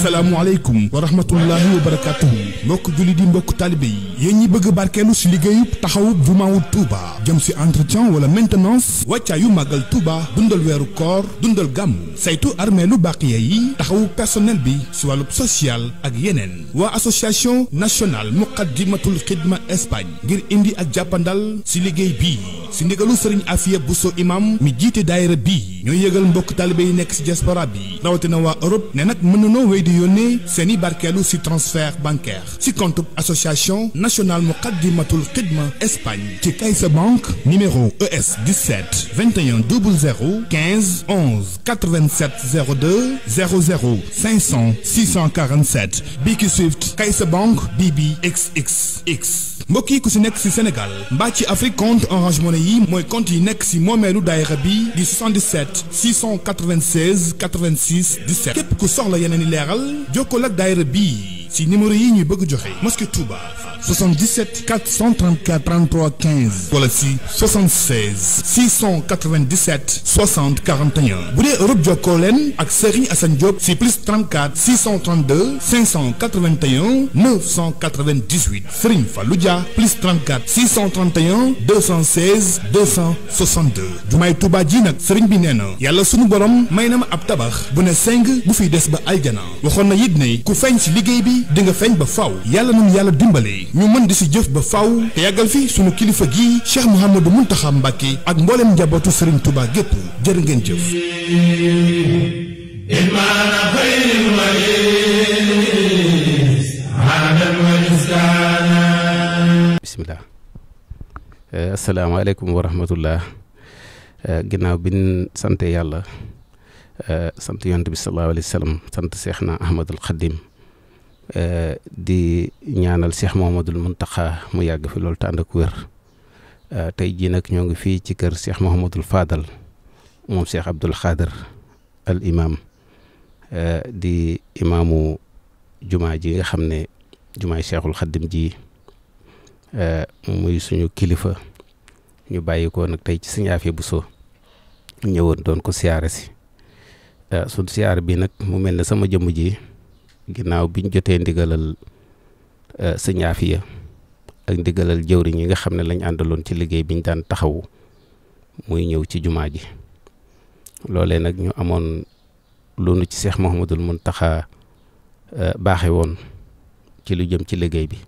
salaamualeykum wa rahmatullahi wa barakatuhu mbokk julli di mbokk taalibé yi yéen ñi bëgg barkeelu si liggéeyub taxawub jumaawul tuuba jëm si entretien wala maintenance wàccaa yu màggal Touba dundal weeru koor dundal gàmm saytu armee lu baaqiya yi taxawu personnel bi si wàllub social ak yeneen waa association nationale muqaddimatul xidma Espagne ngir indi ak jàppandal si liggéey bi si ndigalu sëriñ Afia Bousso imam mi jiite daayira bii ñooy yëgal mbokk taalibé yi nekk si diaspora bi rawatina waa Europe ne mën di yónnee seen i barkeelu si transfert bancaire si compte association nationale Muqaddimatul Xidma Espagne ci Caixa Bank numéro ES 17 21 00 15 11 87 02 00 500 647 Biki Swift Caixa Bank BBXXX mbokk yi ku si nekk si Sénégal mbaa ci Afrique compte Orange yi mooy compte yi nekk si moomeelu daayira bi di 77 696 86 17 képp ku soxla yeneen i leeral jokkoo ak daayira bii si numéro yi ñuy bëgg joxe mosquée Touba. 77 434 33 15 wala si 76 697 60 41 bu dee Europe jokkoo leen ak Serigne Assane Diop si plus 34 632 581 998 Serigne Fallou Dia plus 34 631 216 262 jumaay Touba ji nag Serigne bi nee na yàlla sunu borom may na ma ab tabax bu ne seng bu fi des ba aljana waxoon na it ne ku feeñ si liggéey bi di nga feeñ ba faw yàlla na mu yàlla dimbali. ñu mën di si jëf ba faaw te yàggal fi sunu kilifa gii Cheikh Mouhamadou Mountakha Mbacké ak mboolem njabootu Serigne Touba gépp jërë ngeen jëf. bisimilah. Eh, asalaamaaleykum wa rahmatullah eh, ginnaaw bi ñu sant yàlla eh, sant yonent bi sallallahu alayhi wa sallam sant Seexna Ahmadul Xadim Eh, di ñaanal Cheikh Mouhamadoul Mountakha mu yàgg fi loolu te ànd ak eh, tey jii nag ñoo ngi fii ci kër Cheikh Mouhamadoul faadal moom Cheikh Abdoul Khader al imam eh, di imaamu jumaa ji nga xam ne jumaay Cheikhul Khadim ji muy suñu kilifa ñu bàyyi ko nag tey ci Sëñ Afia Bousso ñëwoon doon ko siyaare si suñ siyaar bi nag mu mel ne sama jëmm ji ginnaaw bi ñu jotee ndigalal eh, sëñ Afia ak ndigalal jëwriñ yi nga xam ne lañ àndaloon ci liggéey bi ñu daan taxawu muy ñëw ci jumaa ji loole nag ñu amoon lu nu ci Seex Muhammadul Muntaxa eh, baaxe woon ci lu jëm ci liggéey bi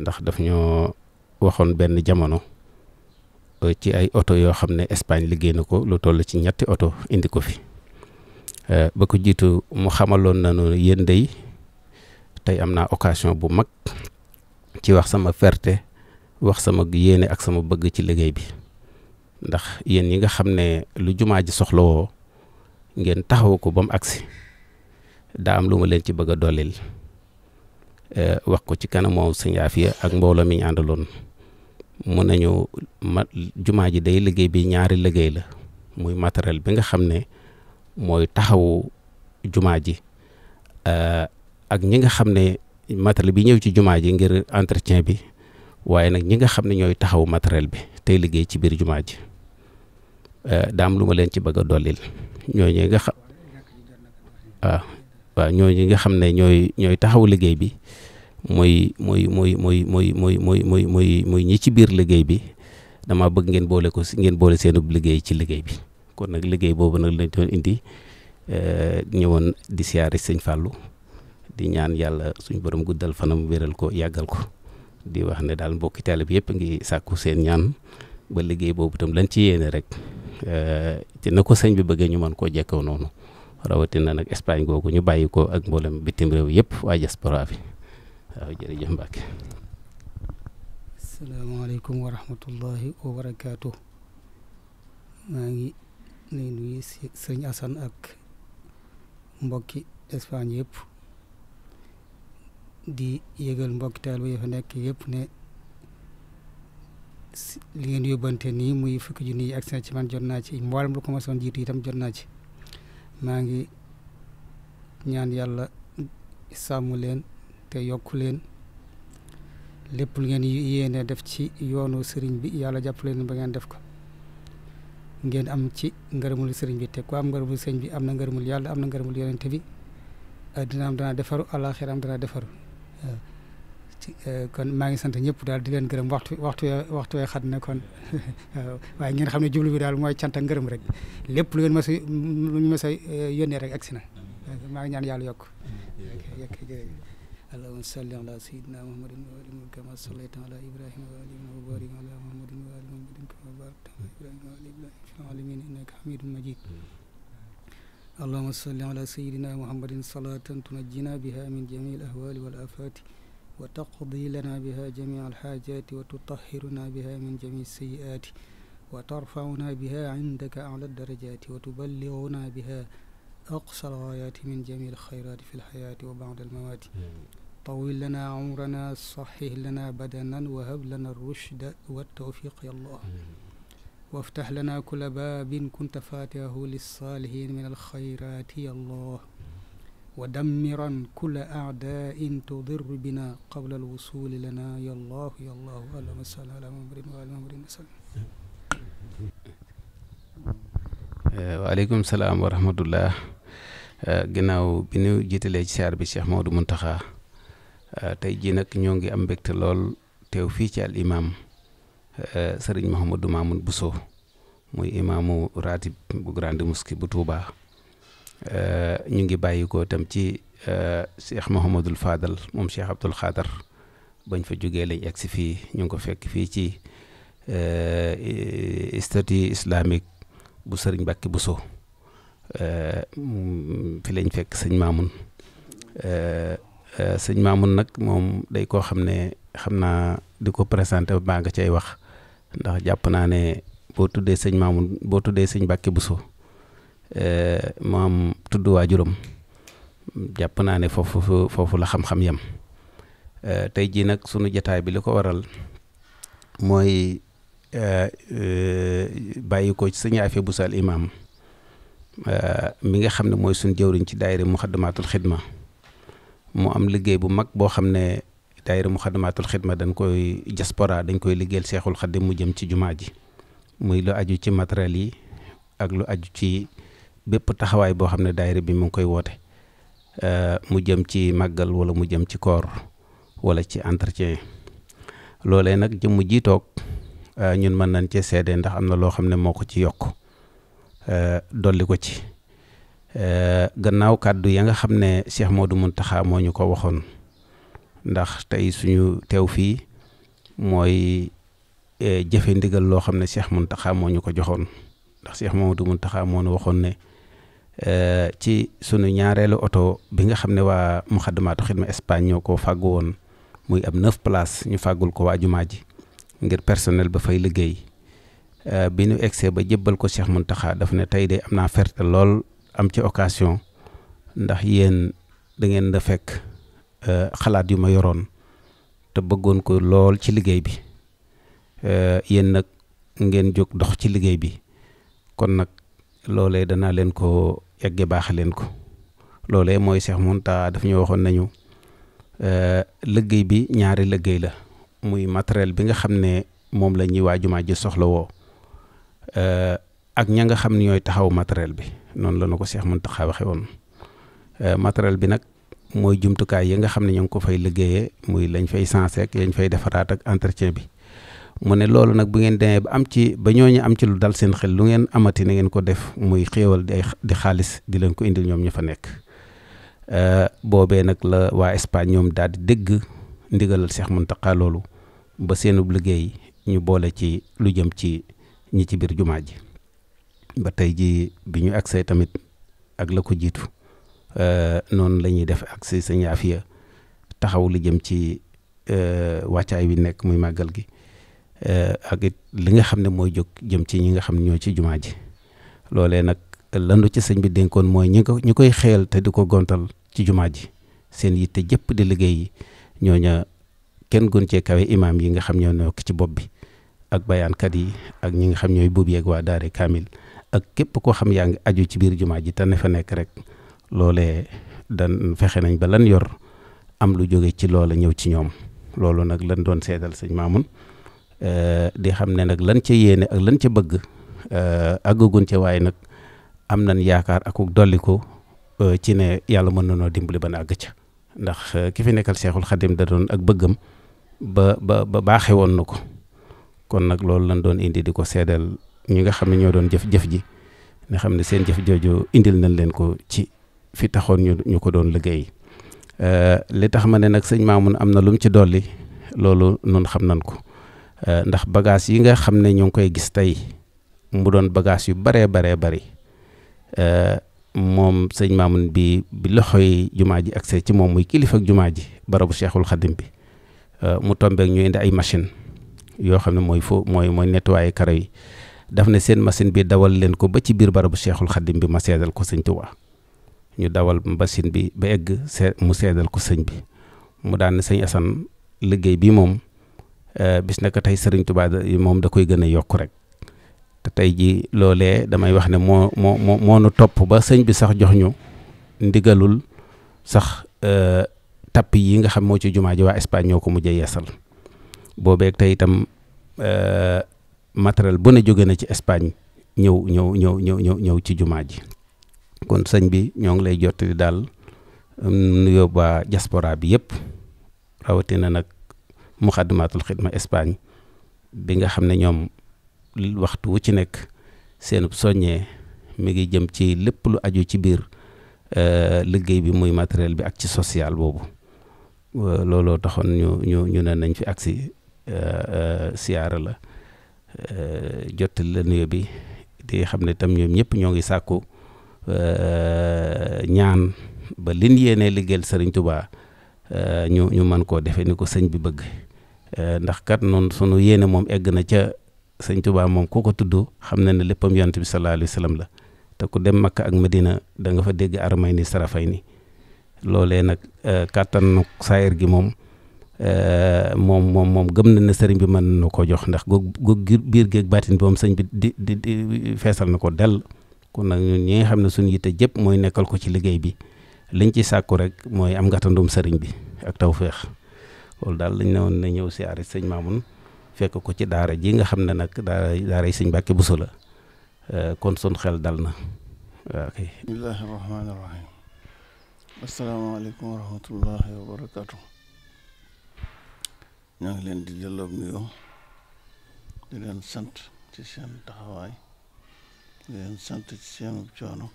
ndax daf ñoo waxoon benn jamono eh, ci ay oto yoo xam ne Espagne liggéey na ko lu toll ci ñetti oto indi ko fi Euh, ba ko jiitu mu xamaloon na nañu yéen dey tey am naa occasion bu mag ci wax sama ferte wax sama yéene ak sama bëgg ci liggéey bi ndax yéen yi nga xam ne lu jumaa ji soxlawoo ngeen taxaw ko ba mu agsi daa am lu ma leen ci bëgg a dollil euh, wax ko ci kanam moom sëñ Afia ak mbooloo mi ñu àndaloon mun nañu ma jumaa ji day liggéey bi ñaari liggéey la muy matériel bi nga xam ne mooy taxaw jumaa ji euh, ak ñi nga xam ne matériel bi ñëw ci jumaa ji ngir entretien bi waaye nag ñi nga xam ne ñooy taxaw matériel bi tey liggéey ci biir jumaa ji euh, daam lu leen ci bëgg a dollil ñooñu nga xam waaw nga xam ne ñooy ñooy taxawu liggéey bi muy muy muy muy muy muy muy muy muy muy ñi ci biir liggéey bi dama bëgg ngeen boole ko ngeen boole seenub liggéey ci liggéey bi kon nag liggéey boobu nag lañ doon indi eh, ñëwoon di siyaare sëñ Fallou di ñaan yàlla suñ borom guddal mu wéral ko yàggal ko di wax ne daal mbokki taalibe bi yëpp ngi sàkku seen ñaan ba liggéey boobu tam lañ ci yéene rek eh, te na ko sëñ bi bëggee ñu man koo jekkoo noonu na nag Espagne googu ñu bàyyi ko ak mboolem bitim réew yëpp waa diaspora bi waaw jërëjëf Mbacke. asalaamaaleykum wa rahmatullahi wa barakaatu nuy nuyu sëñ Assane ak mbokki Espagne yëpp di yëgal mbokki taalibe yi fa nekk yëpp ne li ngeen yóbbante nii muy fukki junni yi ak ci man jot naa ci mboolem lu ko mosoon jot naa ci maa ngi ñaan yàlla sàmm leen te yokku leen lépp lu ngeen yéene def ci yoonu sëriñ bi yàlla jàpp leen ba ngeen def ko ngeen am ci ngërëmul sëriñ bi te ku am ngërëmul sëriñ bi am na ngërëmul yàlla am na ngërëmul yonente bi euh, dina am dana defaru àlaxira am dana defaru euh, euh, kon maa ngi sant ñëpp daal di leen gërëm waxtu waxtu waxtu wee xat na kon waaye ngeen xam ne jublu bi daal mooy cant ak ngërëm rek lépp lu ngeen mas a lu ñu mas a yónnee rek agsi na maa ngi ñaan yàlla yokk allahumma salli ala sayyidina muhammadin wa ali muhammadin kama sallayta ala ibrahima wa ali wa barik ala muhammadin wa ali muhammadin kama barakta ala ibrahima wa ali ibrahima fil alamin innaka hamidun majid allahumma salli ala sayyidina muhammadin salatan tunajjina biha min jami al ahwali wal afati wa taqdi lana biha jami al hajati wa tutahhiruna biha min jami sayyiati wa tarfauna biha indaka ala darajati wa tuballighuna biha aqsa al ghayati min jami al khayrati fi al hayati wa ba'da al mamati طول لنا عمرنا صحح لنا بدنا وهب لنا الرشد والتوفيق يا الله وافتح لنا كل باب كنت فاتحه للصالحين من الخيرات يا الله ودمرا كل أعداء تضر بنا قبل الوصول لنا يا الله يا الله اللهم صل على محمد وعلى محمد وسلم waaleykum salaam wa rahmatullah ginnaaw bi ñu jiitalee ci saar bi Cheikh Maodo Mountakha Euh, tey jii nag ñoo ngi am mbégte lool teew fii ci al imaam euh, sëriñ Mouhamadou Mamoun Bousso muy imaamu ratib bu grande mosquée bu Touba euh, ñu ngi bàyyi ko tam ci cheikh Mouhamadul Fadal moom cheikh Abdoul Khadar bañ fa jógee lañ egg si fii ñu ngi ko fekk fii ci statut islamique bu sëriñ Mbacke Bousso fi lañ fekk sëñ Mamoun. Euh, sëñ Mamoun nag moom day koo xam ne xam naa di ko présenté baa nga cay wax ndax jàpp naa ne boo tuddee sëñ Mamoun boo tuddee sëñ Mbàkke Buso euh, moom tudd waajuram jàpp naa ne foofu foofu la xam-xam yam euh, tey jii nag sunu jataay bi li ko waral mooy bàyyi ko ci sëñ Afia Buso al imaam mi nga xam ne mooy suñ jëwriñ ci daayira Muxaddamaatul Xidma mu am liggéey bu mag boo xam ne daayira Muxaddamaatul Xidma dañ koy diaspora dañ koy liggéeyal Seexul Xaddim mu jëm ci jumaa ji muy lu aju ci matériel yi ak lu aju ci bépp taxawaay boo xam ne daayira bi mu ngi koy woote euh, mu jëm ci màggal wala mu jëm ci koor wala ci entretien yi loole nag jëmm ji toog euh, ñun mën nañ cee seede ndax am na loo xam ne moo ko ci yokk euh, dolli ko ci Eh, gannaaw kàddu ya nga xam ne Cheikh mun taxaa moo ñu ko waxoon ndax tey suñu teew fii mooy eh, jëfe ndigal loo xam ne Cheikh Mountakha moo ñu ko joxoon ndax Cheikh Modou Mountakha moo ñu waxoon ne eh, ci sunu ñaareelu oto bi nga xam ne waa Muxaddamaatu ma Espagne ñoo ko fàggu woon muy ab neuf place ñu fàggul ko waa jumaa ji ngir personnel ba fay liggéey bi ñu egsee ba jëbbal ko mun taxaa daf ne tey de am naa ferte lool am ci occasion ndax yéen da ngeen da fekk euh, xalaat yu ma yoroon te bëggoon ko lool ci liggéey bi euh, yéen nag ngeen jóg dox ci liggéey bi kon nag loolee danaa leen ko yegge baaxe leen ko loolee mooy Cheikh Mountakha daf ñu waxoon nañu euh, liggéey bi ñaari liggéey la muy matériel bi nga xam ne moom la ñuy waa jumaa ji soxla woo ak ña nga xam ne ñooy taxaw matériel bi noonu la na ko Cheikh taxa waxe woon euh, matériel bi nag mooy jumtukaay yi nga xam ne ñu ngi ko fay liggéeyee muy lañ fay sensé ak fay defaraat ak entretien bi mu ne loolu nag bu ngeen demee ba am ci ba am ci lu dal seen xel lu ngeen amati na ngeen ko def muy xéewal di di xaalis di leen ko indil ñoom ña fa nekk euh, boobee nag la waa Espagne ñoom daal di dégg ndigalal Cheikh Mountakha loolu ba seenub liggéey ñu boole ci lu jëm ci ñi ci biir jumaa ji ba tey jii bi ñu agsee tamit ak la ko jiitu euh, noonu la ñuy def ak si sëñ Afia taxaw li jëm ci euh, wàccaay wi nekk muy màggal gi euh, ak it li nga xam ne mooy jóg jëm ci ñi nga xam ne ñoo ci jumaa ji loolee nag landu ci sëñ bi dénkoon mooy ñi ko ñi koy xeel te di ko gontal ci jumaa ji seen yitte jëpp di liggéey yi ñooña kenn gon cee kawe imaam yi nga xam ñoo nekk ci bopp bi ak bayaankat yi ak ñi nga xam ñooy buub yeeg waa daare kaamil ak képp koo xam yaa ngi aju ci biir jumaa ji te ne fa nekk rek loolee dan fexe nañ ba lan yor am lu jóge ci loola ñëw ci ñoom loolu nag lan doon seedal sëñ Maamun di xam ne nag lan ca yéene ak lan ca bëgg àggagun ca waaye nag am nañ yaakaar akuk dolli ko ci ne yàlla mën na noo dimbali ba na àgg ca ndax ki fi nekkal Seexul Xadim da doon ak bëggam ba ba ba baaxe woon na ko kon nag loolu lan doon indi di ko seddal ñi nga xam ne ñoo doon jëf-jëf ji nga xam ne seen jëf jooju indil nañ leen ko ci fi taxoon ñu ñu ko doon liggéey euh, li tax ma ne nag sëñ Mamoune am na lu mu ci dolli loolu noonu xam nañ ko euh, ndax bagage yi nga xam ne ñu ngi koy gis tey mu doon bagage yu baree baree bari euh, moom sëñ Mamoune bi bi loxoy jumaa ji accès ci moom muy kilifa jumaa ji barabu seexul Khadim bi mu tombeek ñu indi ay machine yoo xam ne mooy fo mooy mooy nettuwaayu karo yi daf ne seen machine bi dawal leen ko ba ci biir barabu seexul xaddim bi ma seddal ko sëñ Tuubaa ñu dawal machine bi ba egg see mu seddal ko sëñ bi mu daan sëñ Assane liggéey bi moom euh, bis na ko tey sëriñ Tuubaa moom da koy gën a yokk rek te tey ji loole damay wax ne moo moo moo nu topp ba sëñ bi sax jox ñu ndigalul sax euh, tapp yi nga xam moo ci jumaa ji waa Espagne ñoo ko mujjee yeesal boobeeg tey itam euh, matériel bu ne jóge na ci Espagne ñëw ñëw ñëw ñëw ñëw ñëw ci jumaa ji kon sëñ bi ñoo ngi lay jottali daal um, nuyoo ba diaspora bi yëpp rawatina nag muxaddamaatul xidma Espagne bi nga xam ne ñoom waxtu wu ci nekk seen soññee mu ngi jëm ci lépp lu aju ci biir euh, liggéey bi muy matériel bi ak ci sociale boobu euh, looloo taxoon ñu ñu ñu ne nañ fi ak agsi euh, siyaara la Euh, jottali la nuyo bi di xam ne tam ñoom ñëpp ñoo ngi sàkku euh, ñaan ba lin yéenee liggéeyal sëriñ Tuubaa euh, ñu ñu mën koo defee ni ko sëñ bi bëgg ndax kat noonu sunu yéene moom egg na ca sëñ Tuubaa moom ku ko tudd xam na ne léppam yonent bi sallallahu alayhi wa sallam la te ku dem Makka ak Medina da nga fa dégg armay ni sarafay ni loolee nag kàttanu saayir gi moom Euh, moom moom moom gëm na ne sëriñ bi mën na koo jox ndax goog goog biir géeg baatin bi moom sëñ bi di di di feesal na ko dell kon nag ñun ñi nga xam ne suñ yitte jëpp mooy nekkal ko ci liggéey bi liñ ci sàkku rek mooy am gàttandum sëriñ bi ak tawféex loolu daal lañ ne na ñëw si aari sëñ Mamoun fekk ko ci daara ji nga xam ne nag daara daara yi sëñ Mbàkke Buso la euh, kon sun xel dal na wa rahmatullahi ñoo ngi leen di delloo nuyoo di leen sant ci seen taxawaay di leen sant ci seenu coono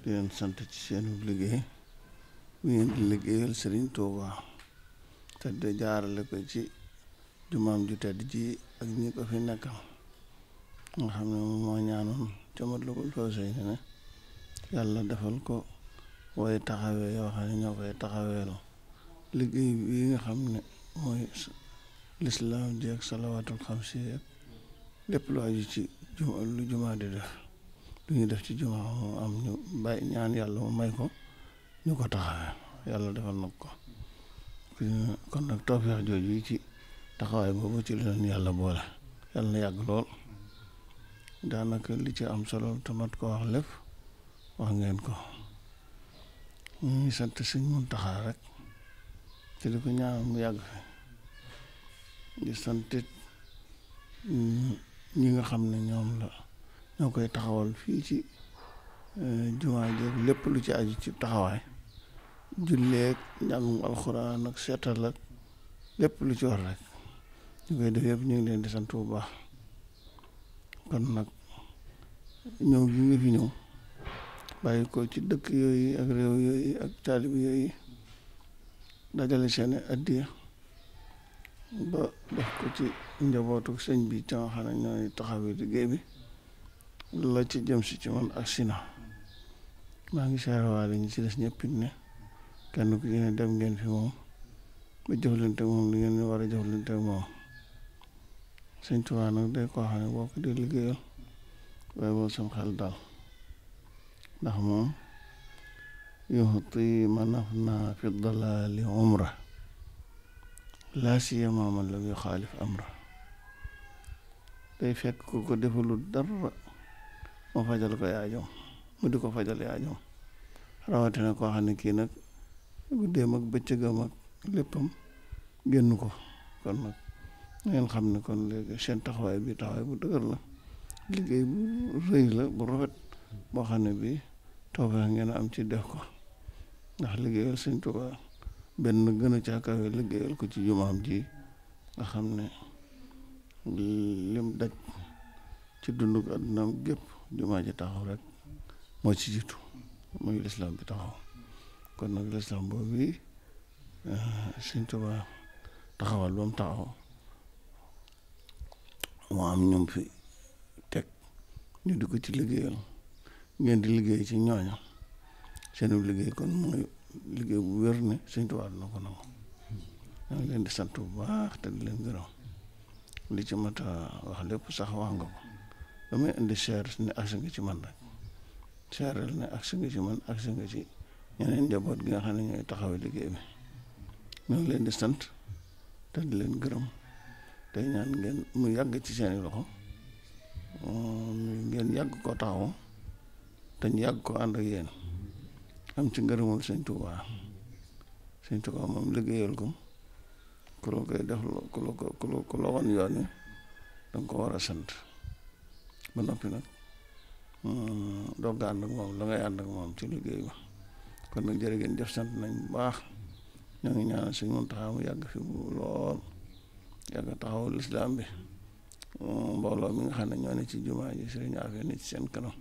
di leen sant ci seenu liggéey bu ngeen di liggéeyal Sëriñ Tuubaa te de jaarale ko ci jumaam ju tedd ji ak ñi ko fi nekkal nga xam ne moom moo ñaanoon ca Matlabul Fawzayni ne yàlla defal ko way taxawee yoo xam ne ñoo koy taxaweelu liggéey bi nga xam ne mooy lislaam ji ak salawaatul xamsi ak lépp lu aju ci juma lu jumaa di def lu ñu def ci jumaa mu am ñu bàyyi ñaan yàlla mu may ko ñu ko taxawee yàlla defal nag ko kon nag tawfeex jooju yi ci taxawaay boobu ci la yàlla boole yàlla yàgg lool daanaka li ci am solo te ko wax lépp wax ngeen ko ñu ngi sant Sëñ Muntaxa rek te li ko ñaanal mu yàgg fi di santit ñi nga xam ne ñoom la ñoo koy taxawal fii ci eh, jumaa jeeg lépp lu ci aju ci taxawaay julleeg njàngum alxuraan ak seetal ak lépp lu ci war rek ñu koy def yëpp ñu ngi leen di sant bu baax kon nag ñëw gi nga fi ñëw bàyyi ko ci dëkk yooyu ak réew yooyu ak taalib yooyu dajale seen addiya ba def ko ci njabootu sëñ bi ca nga xam ne ñooy taxawee liggéey bi la ci jëm si ci man ak sina maa ngi saarewaale ñi ci des ñëpp ne kenn ku ci ne dem ngeen fi moom ba jëflante moom li ngeen war a jëflante moom sëñ Tuubaa nag day koo xam ne boo ko di liggéeyal waaye boobu sam xel daal ndax moom يهطي من أفنى في الضلال عمره لا la من لم يخالف أمره day fekk ku ko defalul dara mu fajal ko yaajoom mu di ko fajal yaajoom rawatina koo xam ne kii nag guddeem ak bëccëgam ak léppam génn ko kon nag ngeen xam ne kon léegi seen taxawaay bi taxawaay bu dëgër la liggéey bu rëy la bu rafet boo xam ne bi toofa ngeen am ci def ko ndax liggéeyal sëñ Tuubaa benn gën a caa liggéeyal ko ci jumaam ji nga xam ne lim daj ci dunduk àddunaam gépp jumaa ji taxaw rek moo ci jiitu muy lislaam bi taxaw kon nag lislaam boobu yi eh, sëñ Tuubaa taxawal ba mu taxaw moo am ñoom fi teg ñu di ko ci liggéeyal ngeen di liggéey ci ñooña seenu liggéey kon mooy liggéey bu wér ne Sëñ Tuubaa na ko nangu ñoo ngi leen di sant bu baax te di leen gërëm li ci mat wax lépp sax wax nga ko damay indi ne agsi nga ci man rek seeral ne agsi nga ci man agsi nga ci ñeneen njaboot gi nga xam ne ñooy taxawe liggéey bi ñoo ngi leen di sant te di leen gërëm te ñaan ngeen mu yàgg ci seeni loxo ngeen yàgg koo taxaw te ñu yàgg koo ànd ak yéen am ci ngërëmul sëñ Tuubaa sëñ Tuubaa moom liggéeyal ko ku la koy def ku la ko ku la wan yoon wi danga ko war a sant ba noppi nag mm, dogg ànd ak moom la ngay ànd ak moom ci liggéey ba kon nag jërë ngeen jëf sant nañ bu baax ñoo ngi ñaanal sëñ Muntaxa mu yàgg fi bu lool yàgg taxawu lislaam bi mm, mbooloo mi nga xam ne ñoo ne ci jumaa ji sëriñ Afia ne ci seen kanam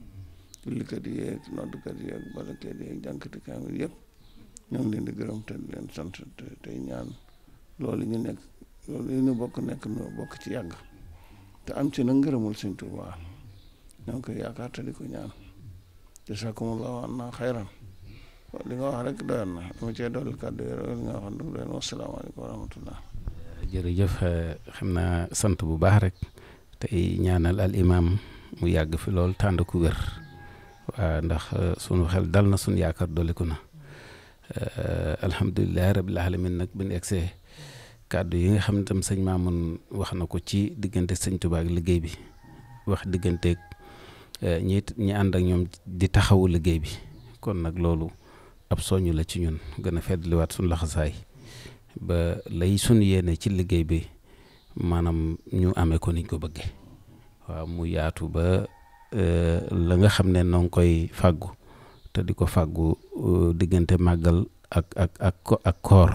jullikat yeeg noddkat yeeg barakat yeeg jànkati kaamil yëpp ñoo ngi leen di gërëm te leen sant te tey ñaan loolu ñu nekk loolu ñu bokk nekk ñu bokk ci yàgg te am ci na ngërëmul sëñ Tuubaa ñoo ngi koy yaakaar te di ko ñaan jasakumullahu anna xayran li nga wax rek doyoon na dama cee dolli kàddu yi li nga wax doyoon na wasalaamaaleykum wa rahmatullah jërëjëf xam na sant bu baax rek tey ñaanal al imam mu yàgg fi lool tànd ku wér waaw ndax euh, sunu xel dal na sunu yaakaar dolliku na euh, alhamdulilahi rabil nag bu ñu egsee kàddu yi nga xam ne tam sëñ wax na ko ci diggante sëñ Tuubaa ak liggéey bi wax digganteeg euh, ñi ñi ak ñoom di taxawu liggéey bi kon nag loolu ab soñu la ci ñun gën a feddliwaat sunu laxasaay ba lay sunu yéene ci liggéey bi maanaam ñu amee ko niñ ko bëggee waaw mu yaatu ba. Euh, la nga xam ne noo koy fàggu te di ko fàggu euh, diggante màggal ak ak ak ak koor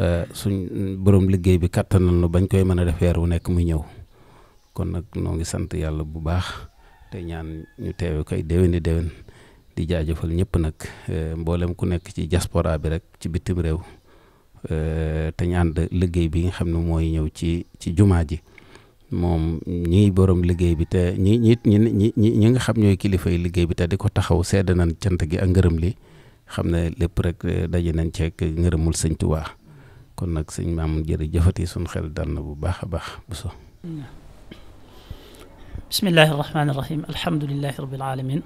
euh, suñ borom liggéey bi kàttanal nu bañ koy mën a def weer wu nekk mu ñëw kon nag noo ngi sant yàlla bu baax te ñaan ñu teewe koy déwéni déwén di jaajëfal ñëpp nag mbooleem ku nekk ci diaspora bi rek ci bitim réew te ñaan liggéey bi nga xam ne mooy ñëw ci ci jumaa ji moom ñiy borom liggéey bi te ñi ñi ñi ñi ñi nga xam ñooy kilifay liggéey bi te di ko taxaw sedd nañ cant gi a ngërëm li xam ne lépp rek eh, daje nañ ceeg ngërëmul sëñ waa kon nag sëñ maam jërëjëfati suñu xel dal na bu baax a baax bu so bismillahi rahmaani rahim alhamdulillahi rabbil alamin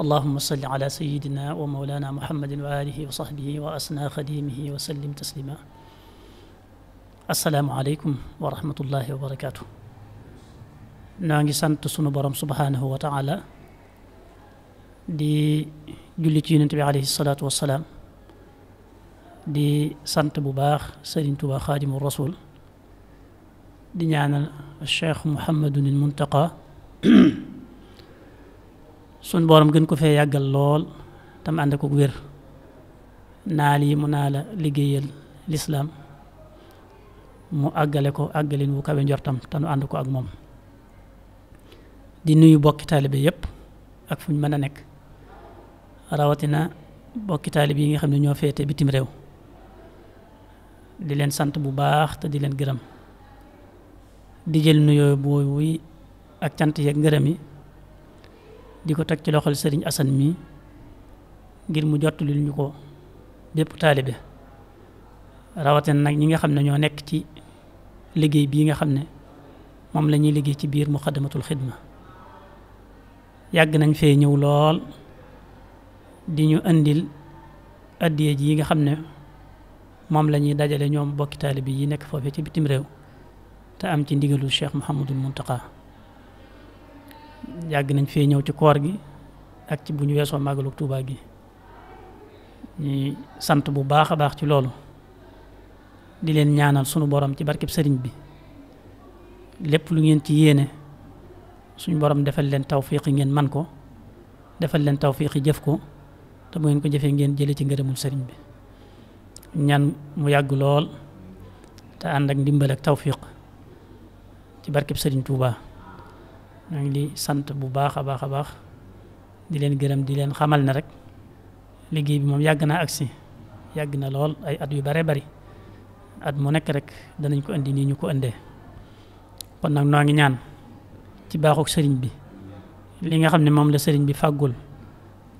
allahuma salli ala sayidina wa maulana muhammadin wa alihi wa sahbihi wa asna xadimihi wa sallim taslima asalaamualeykum wa rahmatullahi wa barakaatu. noo ngi sant sunu borom subhaanahu wa ta'ala di julli ci yonent bi alayhi salaatu wa salaam di sant bu baax Sëriñ Tuubaa Xaadimu Rasuul di ñaanal Cheikh Mouhamadunil Muntaqa sunu borom gën ko fee yàggal lool tam ànd ko wér naal yi mu naa la liggéeyal lislaam mu àggale ko àggalin wu kawe njortam te nu ànd ko ak moom di nuyu bokki taalibe yëpp ak fu ñu mën a nekk rawatina bokki taalibe yi nga xam ne ñoo féete bitim réew di leen sant bu baax te di leen gërëm di jël nuyoo boobu yi ak cant yeeg ngërëm yi di ko teg ci loxol sëriñ Asan mi ngir mu jottali ñu ko bépp taalibe rawatina nag ñi nga xam ne ñoo nekk ci liggéey bii nga xam ne moom la ñuy liggéey ci biir muxaddamatul xidma yàgg nañ fee ñëw lool di ñu indil addiye ji yi nga xam ne moom lañuy dajale ñoom bokki bi yi nekk foofee ci bitim réew te am ci ndigalu Cheikh Mouhamadul Mountakha yàgg nañ fee ñëw ci koor gi ak ci bu ñu weesoo màggalu Tuubaa gi sant bu baax a baax ci loolu di leen ñaanal sunu borom ci barkeb sëriñ bi lépp lu ngeen ci yéene suñu borom defal leen tawfiq ngeen man ko defal leen tawfiq jëf ko te bu ngeen ko jëfee ngeen jële ci ngërëmul sëriñ bi ñan mu yàgg lool te ànd ndimbalak ndimbal ak ci barkeb sëriñ Touba ñoo di sant bu baax a baax a baax di leen gërëm di leen xamal na rek liggéey bi moom yàgg naa agsi yàgg na lool ay at yu bare bari at mu nekk rek danañ ko indi ni ñu ko ande kon nag noo ngi ñaan ci baaxuk sëriñ bi li nga xam ne moom la sëriñ bi fàggul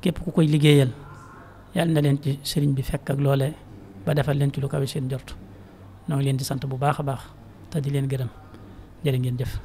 képp ku koy liggéeyal yàlla na leen ci sëriñ bi fekk loole ba defal leen ci lu kawe seen jort noo ngi leen di sant bu baax a baax te di leen gërëm jërë ngeen jëf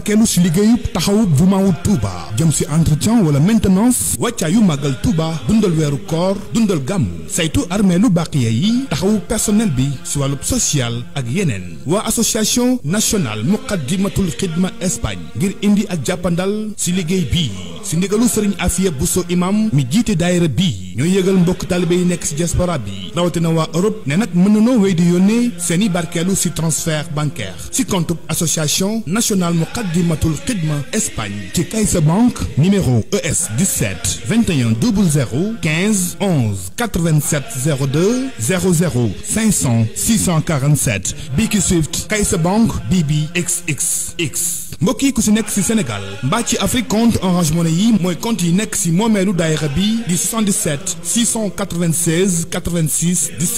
barkeelu si liggéeyub taxawub jumaawul Touba jëm si entretien wala maintenance wàccaayu màggal Touba dundal weeru koor dundal gàmm saytu lu bàqiya yi taxawu personnel bi si wàllub social ak yeneen waa association nationale muqaddimatul xidma Espagne ngir indi ak jàppandal si liggéey bi si ndigalu sëriñ afiya buso imam mi jiite daayira bii ñooy yëgal mbokk taalibé yi nekk si diaspora bi rawatina waa Europe ne nag mën nanoo wéy di yónnee seen i barkeelu si transfert bancaire si compte association nationale muqaddimatul xidma Espagne ci CaixaBank numéro ES 17 21 00 15 11 87 02 00 500 647 Bici Swift CaixaBank BBXXX mbokk yi ku si nekk si Sénégal mbaa ci Afrique compte Orange Money yi mooy compte yi nekk si moomeelu daayira bi di 77 696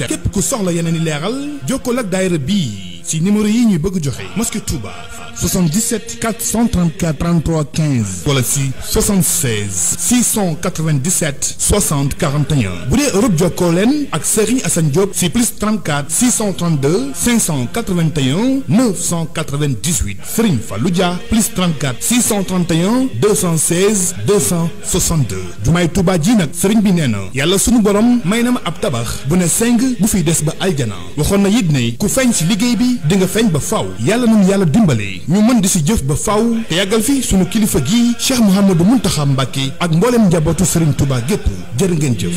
képp ku soxla yeneen i leeral jokkoo ak daayira bii si numéro yi ñu bëgg joxe mosquée Touba 77 434 33 15 wala si 76 697 60 41 bu dee Europe jokkoo leen ak Serigne Assane Diop si plus 34 632 581 998 Serigne Fallou Dia plus 34 631 216 262 jumaay Touba ji nag Serigne bi nee na yàlla sunu borom may na ma ab tabax bu ne seng bu fi des ba aljana waxoon na it ne ku feeñ si liggéey bi. gi di nga feeñ ba faaw yàlla nañu yàlla dimbale ñu mën di si jëf ba faaw te yàggal fi sunu kilifa gi Cheikh mun taxam Mbacké ak mbooleem njabootu Serigne tubaab gépp jër ngeen jëf.